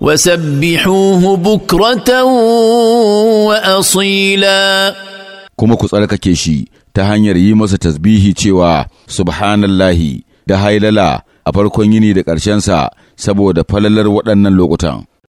وسبحوه بكرة وأصيلا كما shi ta hanyar yi masa tasbihi cewa الله da hailala a farkon yini da ƙarshensa saboda falalar waɗannan lokutan.